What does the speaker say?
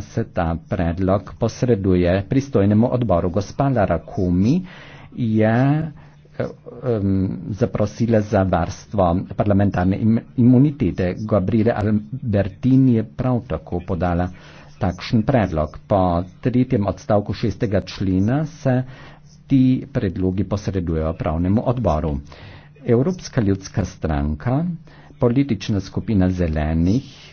se ta predlog posreduje pristojnemu odboru. Gospa Lara Kumi je um, zaprosila za varstvo parlamentarne imunitete. Gabriele Albertini je prav tako podala takšen predlog. Po tretjem odstavku šestega člena se ti predlogi posredujejo pravnemu odboru. Evropska ljudska stranka, politična skupina zelenih